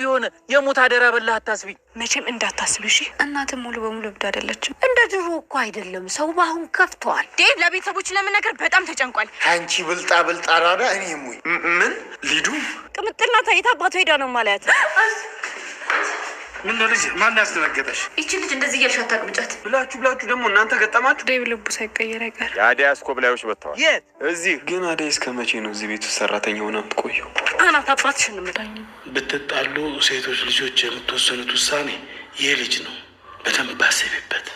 ቢሆን የሞት አደራ በላ አታስቢ። መቼም እንዳታስብ እሺ። እናትም ሙሉ በሙሉ እብድ አይደለችም። እንደ ድሮ እኮ አይደለም። ሰው በአሁን ከፍተዋል። ዴቭ ለቤተሰቦች ለመነገር በጣም ተጨንቋል። አንቺ ብልጣ ብልጣ ራዳ እኔ ሙኝ ምን ሊዱ ቅምጥልና ታይታ አባቷ ሄዳ ነው ማለት ምን ልጅ ማን ያስደነገጠሽ? ይቺ ልጅ እንደዚህ እያልሽ አታቅምጫት ብላችሁ ብላችሁ ደግሞ እናንተ ገጠማችሁ። ዴቭ ልቡ ሳይቀየር አይቀር። የአደይ አስኮብላዮች መጥተዋል። የት እዚህ ግን አደይ እስከ መቼ ነው እዚህ ቤት ውስጥ ሰራተኛ ሆና የምትቆየው? አናት አባትሽ እንምዳኝ። ብትጣሉ ሴቶች ልጆች የምትወሰኑት ውሳኔ ይህ ልጅ ነው። በደንብ አስቢበት።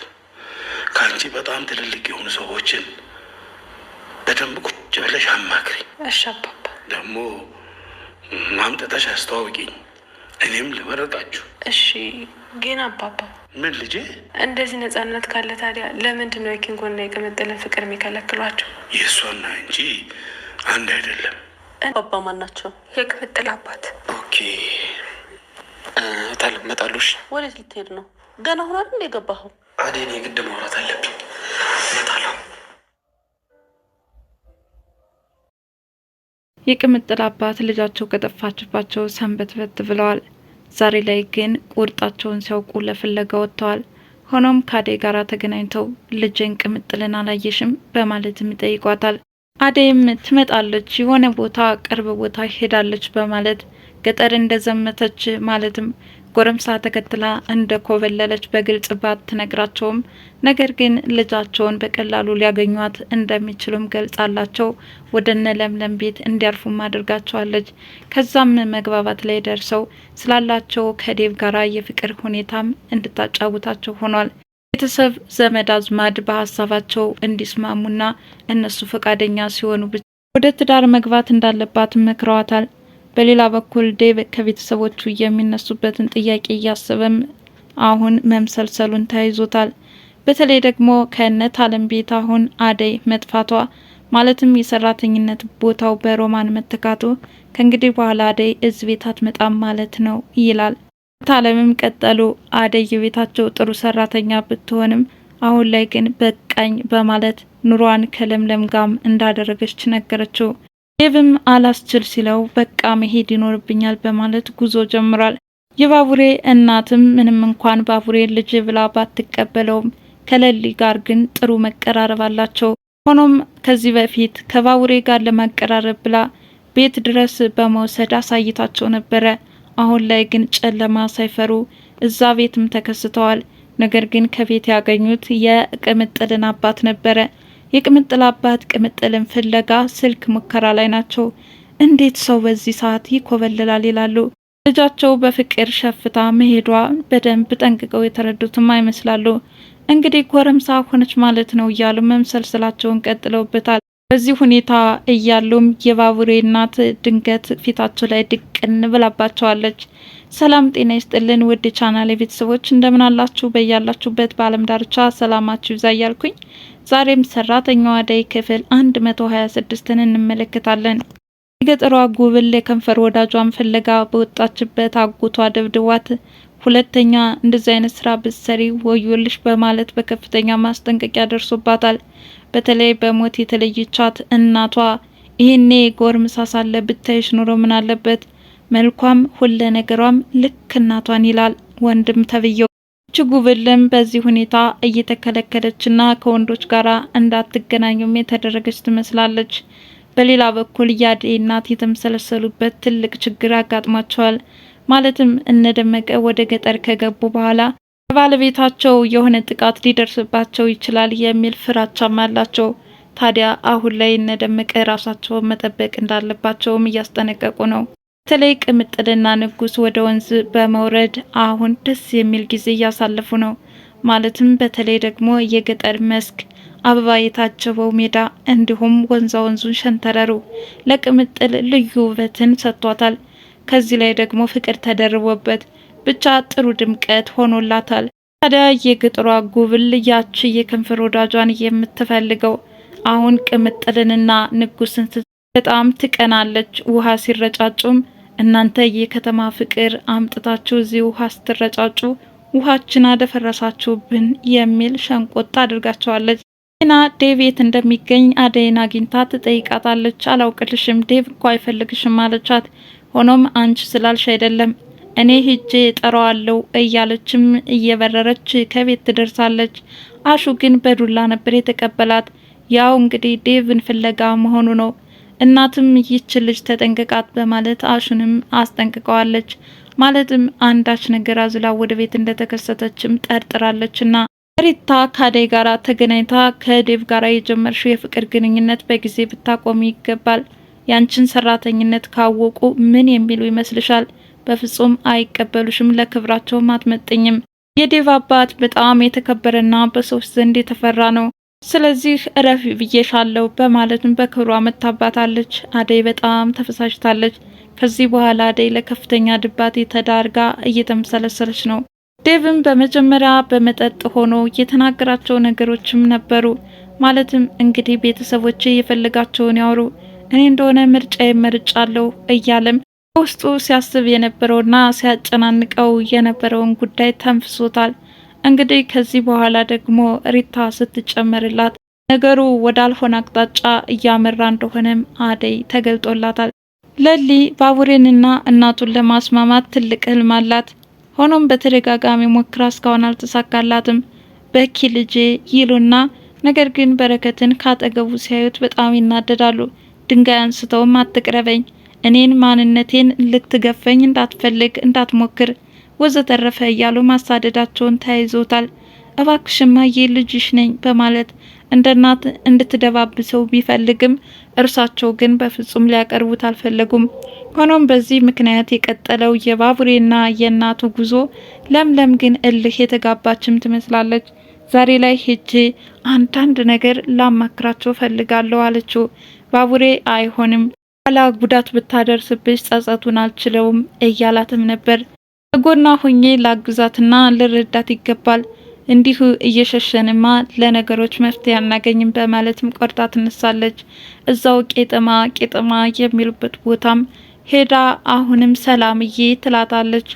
ከአንቺ በጣም ትልልቅ የሆኑ ሰዎችን በደንብ ቁጭ ብለሽ አማክሪ። እሺ አባባ ደግሞ ማምጠጠሽ አስተዋውቂኝ። እኔም ልመረጣችሁ። እሺ ግን አባባ ምን ልጄ? እንደዚህ ነጻነት ካለ ታዲያ ለምንድን ነው የኪንጎና የቅምጥልን ፍቅር የሚከለክሏቸው? የእሷና እንጂ አንድ አይደለም። አባባ ማን ናቸው? የቅምጥል አባት። ኦኬ ታል መጣሉሽ። ወዴት ልትሄድ ነው? ገና ሁናል እንደ የገባኸው። አዴን የግድ ማውራት አለብኝ። መጣለሁ። የቅምጥል አባት ልጃቸው ከጠፋችባቸው ሰንበት በት ብለዋል። ዛሬ ላይ ግን ቁርጣቸውን ሲያውቁ ለፍለጋ ወጥተዋል። ሆኖም ከአደይ ጋር ተገናኝተው ልጄን ቅምጥልን አላየሽም በማለትም ይጠይቋታል። አደይም ትመጣለች፣ የሆነ ቦታ ቅርብ ቦታ ሄዳለች በማለት ገጠር እንደዘመተች ማለትም ጎረምሳ ተከትላ እንደ ኮበለለች በግልጽ ባትነግራቸውም ነገር ግን ልጃቸውን በቀላሉ ሊያገኟት እንደሚችሉም ገልጻላቸው ወደ እነ ለምለም ቤት እንዲያርፉም አድርጋቸዋለች። ከዛም መግባባት ላይ ደርሰው ስላላቸው ከዴቭ ጋራ የፍቅር ሁኔታም እንድታጫውታቸው ሆኗል። ቤተሰብ ዘመድ አዝማድ በሀሳባቸው እንዲስማሙና እነሱ ፈቃደኛ ሲሆኑ ብቻ ወደ ትዳር መግባት እንዳለባት መክረዋታል። በሌላ በኩል ዴቭ ከቤተሰቦቹ የሚነሱበትን ጥያቄ እያሰበም አሁን መምሰልሰሉን ተያይዞታል። በተለይ ደግሞ ከእነት አለም ቤት አሁን አደይ መጥፋቷ ማለትም የሰራተኝነት ቦታው በሮማን መተካቱ ከእንግዲህ በኋላ አደይ እዚህ ቤት አትመጣም ማለት ነው ይላል። ታለምም ቀጠሉ አደይ የቤታቸው ጥሩ ሰራተኛ ብትሆንም አሁን ላይ ግን በቃኝ በማለት ኑሯን ከለምለም ጋም እንዳደረገች ነገረችው። ዴቭም አላስችል ሲለው በቃ መሄድ ይኖርብኛል በማለት ጉዞ ጀምሯል። የባቡሬ እናትም ምንም እንኳን ባቡሬ ልጅ ብላ ባትቀበለውም ከለሊ ጋር ግን ጥሩ መቀራረብ አላቸው። ሆኖም ከዚህ በፊት ከባቡሬ ጋር ለማቀራረብ ብላ ቤት ድረስ በመውሰድ አሳይታቸው ነበረ። አሁን ላይ ግን ጨለማ ሳይፈሩ እዛ ቤትም ተከስተዋል። ነገር ግን ከቤት ያገኙት የቅምጥልን አባት ነበረ። የቅምጥል አባት ቅምጥልን ፍለጋ ስልክ ሙከራ ላይ ናቸው። እንዴት ሰው በዚህ ሰዓት ይኮበልላል ይላሉ። ልጃቸው በፍቅር ሸፍታ መሄዷ በደንብ ጠንቅቀው የተረዱትም አይመስላሉ። እንግዲህ ጎረምሳ ሆነች ማለት ነው እያሉ መምሰልሰላቸውን ቀጥለውበታል። በዚህ ሁኔታ እያሉም የባቡሬ እናት ድንገት ፊታቸው ላይ ድቅን ብላባቸዋለች። ሰላም ጤና ይስጥልን ውድ የቻናሌ ቤተሰቦች እንደምን አላችሁ? በያላችሁበት በአለም ዳርቻ ሰላማችሁ ይዛያልኩኝ እያልኩኝ ዛሬም ሰራተኛዋ አደይ ክፍል 126ን እንመለከታለን። የገጠሯ ጉብል የከንፈር ወዳጇን ፍለጋ በወጣችበት አጉቷ ደብድቧት ሁለተኛ እንደዚህ አይነት ስራ ብትሰሪ ወዮልሽ በማለት በከፍተኛ ማስጠንቀቂያ ደርሶባታል። በተለይ በሞት የተለየቻት እናቷ ይህኔ ጎርምሳ ሳለ ብታይሽ ኑሮ ምን አለበት፣ መልኳም ሁለ ነገሯም ልክ እናቷን ይላል ወንድም ተብየው ችጉብልም በዚህ ሁኔታ እየተከለከለችና ከወንዶች ጋር እንዳትገናኙም የተደረገች ትመስላለች። በሌላ በኩል ያዴ እናት የተመሰለሰሉበት ትልቅ ችግር አጋጥሟቸዋል። ማለትም እነደመቀ ወደ ገጠር ከገቡ በኋላ ባለቤታቸው የሆነ ጥቃት ሊደርስባቸው ይችላል የሚል ፍራቻም አላቸው። ታዲያ አሁን ላይ እነደመቀ ራሳቸውን መጠበቅ እንዳለባቸውም እያስጠነቀቁ ነው። በተለይ ቅምጥልና ንጉስ ወደ ወንዝ በመውረድ አሁን ደስ የሚል ጊዜ እያሳለፉ ነው። ማለትም በተለይ ደግሞ የገጠር መስክ አበባ የታጀበው ሜዳ እንዲሁም ወንዛ ወንዙን ሸንተረሩ ለቅምጥል ልዩ ውበትን ሰጥቷታል። ከዚህ ላይ ደግሞ ፍቅር ተደርቦበት ብቻ ጥሩ ድምቀት ሆኖላታል። ታዲያ የገጠሯ ጉብል ያቺ የከንፈር ወዳጇን የምትፈልገው አሁን ቅምጥልንና ንጉስን በጣም ትቀናለች። ውሃ ሲረጫጩም እናንተ የከተማ ፍቅር አምጥታችሁ እዚህ ውሃ ስትረጫጩ ውሃችን አደፈረሳችሁብን የሚል ሸንቆጣ አድርጋቸዋለች። ና ዴቭ የት እንደሚገኝ አደይን አግኝታ ትጠይቃታለች። አላውቅልሽም፣ ዴቭ እኮ አይፈልግሽም አለቻት። ሆኖም አንቺ ስላልሽ አይደለም እኔ ሂጄ ጠራዋለሁ እያለችም እየበረረች ከቤት ትደርሳለች። አሹ ግን በዱላ ነበር የተቀበላት። ያው እንግዲህ ዴቭን ፍለጋ መሆኑ ነው። እናትም ይችን ልጅ ተጠንቅቃት በማለት አሹንም አስጠንቅቀዋለች። ማለትም አንዳች ነገር አዝላ ወደ ቤት እንደተከሰተችም ጠርጥራለችና ሪታ ከአደይ ጋር ተገናኝታ ከዴቭ ጋር የጀመርሽው የፍቅር ግንኙነት በጊዜ ብታቆሚ ይገባል። ያንቺን ሰራተኝነት ካወቁ ምን የሚሉ ይመስልሻል? በፍጹም አይቀበሉሽም። ለክብራቸውም አትመጥኝም። የዴቭ አባት በጣም የተከበረና በሰዎች ዘንድ የተፈራ ነው። ስለዚህ እረፊ ብዬሻለሁ በማለትም በክብሯ መታባታለች። አደይ በጣም ተፈሳሽታለች ከዚህ በኋላ አደይ ለከፍተኛ ድባቴ ተዳርጋ እየተመሰለሰለች ነው። ዴቭም በመጀመሪያ በመጠጥ ሆኖ የተናገራቸው ነገሮችም ነበሩ። ማለትም እንግዲህ ቤተሰቦች የፈለጋቸውን ያውሩ፣ እኔ እንደሆነ ምርጫ የመርጫለሁ እያለም በውስጡ ሲያስብ የነበረውና ሲያጨናንቀው የነበረውን ጉዳይ ተንፍሶታል። እንግዲህ ከዚህ በኋላ ደግሞ ሪታ ስትጨመርላት ነገሩ ወዳልሆነ አቅጣጫ እያመራ እንደሆነም አደይ ተገልጦላታል። ለሊ ባቡሬንና እናቱን ለማስማማት ትልቅ ህልም አላት። ሆኖም በተደጋጋሚ ሞክራ እስካሁን አልተሳካላትም። በኪ ልጄ ይሉና ነገር ግን በረከትን ካጠገቡ ሲያዩት በጣም ይናደዳሉ። ድንጋይ አንስተውም አትቅረበኝ፣ እኔን ማንነቴን ልትገፈኝ እንዳትፈልግ እንዳትሞክር ወዘተረፈ እያሉ ማሳደዳቸውን ተያይዞታል። እባክሽማ ልጅሽ ነኝ በማለት እንደ እናት እንድትደባብሰው ቢፈልግም እርሳቸው ግን በፍጹም ሊያቀርቡት አልፈለጉም። ሆኖም በዚህ ምክንያት የቀጠለው የባቡሬና የእናቱ ጉዞ ለምለም ግን እልህ የተጋባችም ትመስላለች። ዛሬ ላይ ሄጄ አንዳንድ ነገር ላማክራቸው ፈልጋለሁ አለችው። ባቡሬ አይሆንም፣ ኋላ ጉዳት ብታደርስብሽ ጸጸቱን አልችለውም እያላትም ነበር። ከጎና ሆኜ ላግዛትና ልረዳት ይገባል። እንዲሁ እየሸሸንማ ለነገሮች መፍትሄ አናገኝም በማለትም ቆርጣ ትነሳለች። እዛው ቄጠማ ቄጠማ የሚሉበት ቦታም ሄዳ አሁንም ሰላምዬ ትላታለች።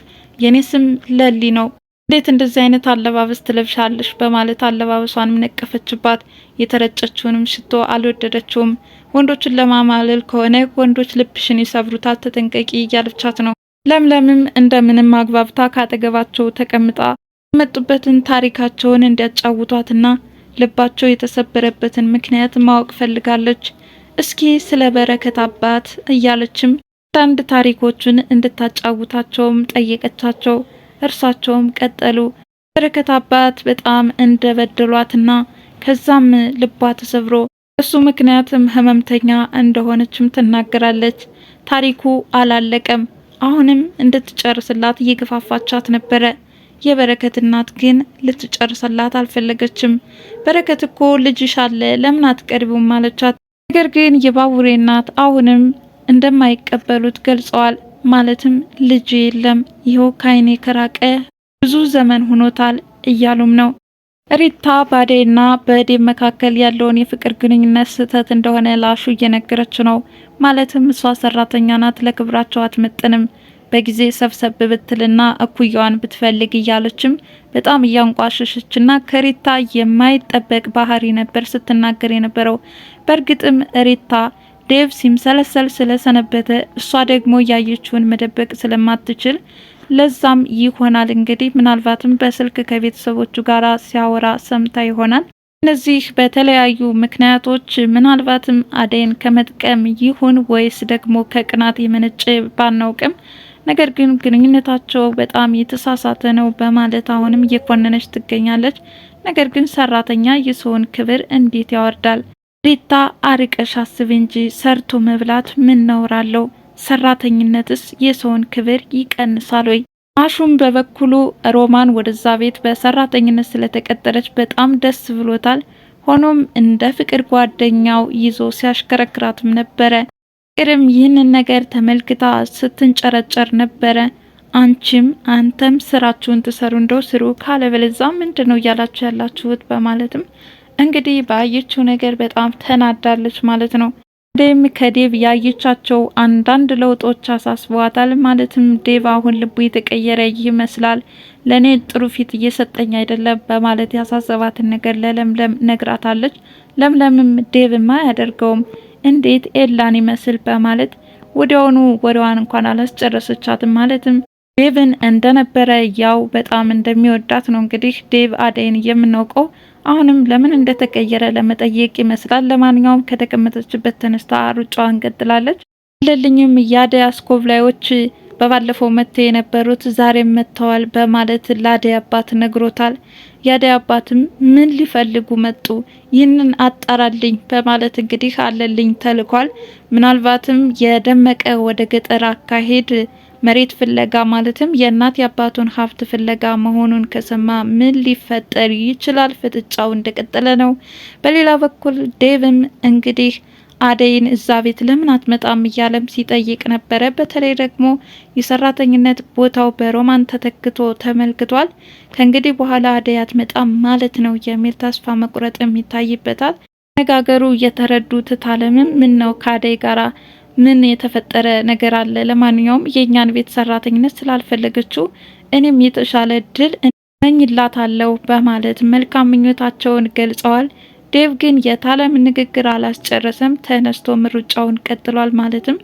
የኔ ስም ለሊ ነው፣ እንዴት እንደዚህ አይነት አለባበስ ትለብሻለሽ? በማለት አለባበሷንም ነቀፈችባት። የተረጨችውንም ሽቶ አልወደደችውም። ወንዶችን ለማማለል ከሆነ ወንዶች ልብሽን ይሰብሩታል፣ ተጠንቀቂ እያለቻት ነው ለምለምም እንደምንም አግባብታ ካጠገባቸው ተቀምጣ የመጡበትን ታሪካቸውን እንዲያጫውቷትና ልባቸው የተሰበረበትን ምክንያት ማወቅ ፈልጋለች። እስኪ ስለ በረከት አባት እያለችም አንዳንድ ታሪኮቹን እንድታጫውታቸውም ጠየቀቻቸው። እርሳቸውም ቀጠሉ። በረከት አባት በጣም እንደበደሏትና ከዛም ልቧ ተሰብሮ እሱ ምክንያትም ህመምተኛ እንደሆነችም ትናገራለች። ታሪኩ አላለቀም። አሁንም እንድትጨርስላት እየገፋፋቻት ነበረ። የበረከት እናት ግን ልትጨርስላት አልፈለገችም። በረከት እኮ ልጅሽ አለ ለምን አትቀርቢውም አለቻት። ነገር ግን የባቡሬ እናት አሁንም እንደማይቀበሉት ገልጸዋል። ማለትም ልጅ የለም ይኸው ካይኔ ከራቀ ብዙ ዘመን ሆኖታል እያሉም ነው። ሪታ በአደይና በዴብ መካከል ያለውን የፍቅር ግንኙነት ስህተት እንደሆነ ላሹ እየነገረች ነው። ማለትም እሷ ሰራተኛ ናት፣ ለክብራቸው አትመጥንም፣ በጊዜ ሰብሰብ ብትልና እኩያዋን ብትፈልግ እያለችም በጣም እያንቋሸሸችና ከሪታ የማይጠበቅ ባህሪ ነበር ስትናገር የነበረው። በእርግጥም ሪታ ዴቭ ሲምሰለሰል ስለሰነበተ እሷ ደግሞ ያየችውን መደበቅ ስለማትችል ለዛም ይሆናል እንግዲህ ምናልባትም በስልክ ከቤተሰቦቹ ጋር ሲያወራ ሰምታ ይሆናል። እነዚህ በተለያዩ ምክንያቶች ምናልባትም አደይን ከመጥቀም ይሁን ወይስ ደግሞ ከቅናት የመነጨ ባናውቅም ነገር ግን ግንኙነታቸው በጣም የተሳሳተ ነው በማለት አሁንም እየኮነነች ትገኛለች። ነገር ግን ሰራተኛ የሰውን ክብር እንዴት ያወርዳል? ሪታ አርቀሽ አስብ እንጂ ሰርቶ መብላት ምን ነውር አለው? ሰራተኝነትስ የሰውን ክብር ይቀንሳል ወይ? አሹም በበኩሉ ሮማን ወደዛ ቤት በሰራተኝነት ስለተቀጠረች በጣም ደስ ብሎታል። ሆኖም እንደ ፍቅር ጓደኛው ይዞ ሲያሽከረክራትም ነበረ። ፍቅርም ይህንን ነገር ተመልክታ ስትንጨረጨር ነበረ። አንቺም አንተም ስራችሁን ትሰሩ እንደው ስሩ፣ ካለበለዛ ምንድን ነው እያላችሁ ያላችሁት? በማለትም እንግዲህ ባየችው ነገር በጣም ተናዳለች ማለት ነው። ዴም ከዴቭ ያየቻቸው አንዳንድ ለውጦች አሳስበዋታል። ማለትም ዴቭ አሁን ልቡ የተቀየረ ይመስላል፣ ለእኔ ጥሩ ፊት እየሰጠኝ አይደለም በማለት ያሳሰባትን ነገር ለለምለም ነግራታለች። ለምለምም ዴቭም አያደርገውም እንዴት ኤላን ይመስል በማለት ወዲያውኑ ወደዋን እንኳን አላስጨረሰቻትም። ማለትም ዴቭን እንደነበረ ያው በጣም እንደሚወዳት ነው። እንግዲህ ዴቭ አደይን የምናውቀው አሁንም ለምን እንደተቀየረ ለመጠየቅ ይመስላል። ለማንኛውም ከተቀመጠችበት ተነስታ ሩጫዋን ቀጥላለች። ለልኝም የአደይ አስኮብላዮች በባለፈው መጥተው የነበሩት ዛሬም መጥተዋል በማለት ለአደይ አባት ነግሮታል። የአደይ አባትም ምን ሊፈልጉ መጡ? ይህንን አጣራልኝ በማለት እንግዲህ አለልኝ ተልኳል። ምናልባትም የደመቀ ወደ ገጠር አካሄድ መሬት ፍለጋ ማለትም የእናት የአባቱን ሀብት ፍለጋ መሆኑን ከሰማ ምን ሊፈጠር ይችላል? ፍጥጫው እንደቀጠለ ነው። በሌላ በኩል ዴቭም እንግዲህ አደይን እዛ ቤት ለምን አትመጣም እያለም ሲጠይቅ ነበረ። በተለይ ደግሞ የሰራተኝነት ቦታው በሮማን ተተክቶ ተመልክቷል። ከእንግዲህ በኋላ አደይ አትመጣም ማለት ነው የሚል ተስፋ መቁረጥም ይታይበታል። አነጋገሩ የተረዱት ታለምም ምን ነው ከአደይ ጋራ ምን የተፈጠረ ነገር አለ? ለማንኛውም የእኛን ቤት ሰራተኝነት ስላልፈለገችው እኔም የተሻለ እድል እመኝላታለሁ በማለት መልካም ምኞታቸውን ገልጸዋል። ዴቭ ግን የታለም ንግግር አላስጨረሰም። ተነስቶ ምሩጫውን ቀጥሏል። ማለትም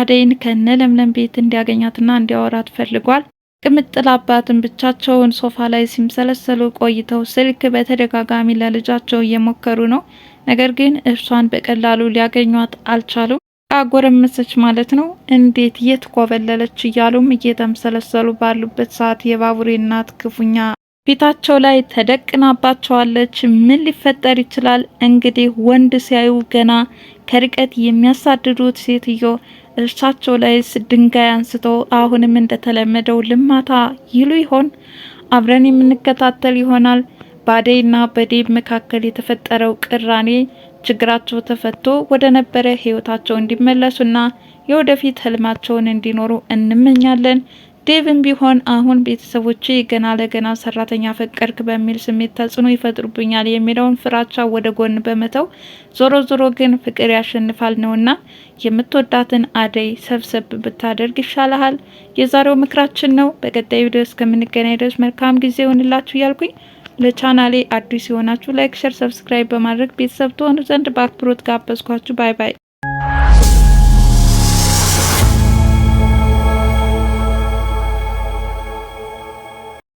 አደይን ከነ ለምለም ቤት እንዲያገኛትና እንዲያወራት ፈልጓል። ቅምጥል አባትን ብቻቸውን ሶፋ ላይ ሲምሰለሰሉ ቆይተው ስልክ በተደጋጋሚ ለልጃቸው እየሞከሩ ነው። ነገር ግን እርሷን በቀላሉ ሊያገኟት አልቻሉም። አጎረመሰች ማለት ነው። እንዴት የት ኮበለለች እያሉም እየተምሰለሰሉ ባሉበት ሰዓት የባቡሬ እናት ክፉኛ ፊታቸው ላይ ተደቅናባቸዋለች። ምን ሊፈጠር ይችላል እንግዲህ ወንድ ሲያዩ ገና ከርቀት የሚያሳድዱት ሴትዮ እርሳቸው ላይስ ድንጋይ አንስቶ አሁንም እንደተለመደው ልማታ ይሉ ይሆን? አብረን የምንከታተል ይሆናል። በአደይና በዴብ መካከል የተፈጠረው ቅራኔ ችግራቸው ተፈቶ ወደ ነበረ ህይወታቸው እንዲመለሱና የወደፊት ህልማቸውን እንዲኖሩ እንመኛለን። ዴቭም ቢሆን አሁን ቤተሰቦች ገና ለገና ሰራተኛ ፈቀርክ በሚል ስሜት ተጽዕኖ ይፈጥሩብኛል የሚለውን ፍራቻ ወደ ጎን በመተው ዞሮ ዞሮ ግን ፍቅር ያሸንፋል ነውና የምትወዳትን አደይ ሰብሰብ ብታደርግ ይሻልሃል። የዛሬው ምክራችን ነው። በቀጣይ ቪዲዮ እስከምንገናኝ ድረስ መልካም ጊዜ ይሆንላችሁ እያልኩኝ ለቻናሌ አዲስ የሆናችሁ ላይክ፣ ሸር፣ ሰብስክራይብ በማድረግ ቤተሰብ ትሆኑ ዘንድ በአክብሮት ጋበዝኳችሁ። ባይ ባይ።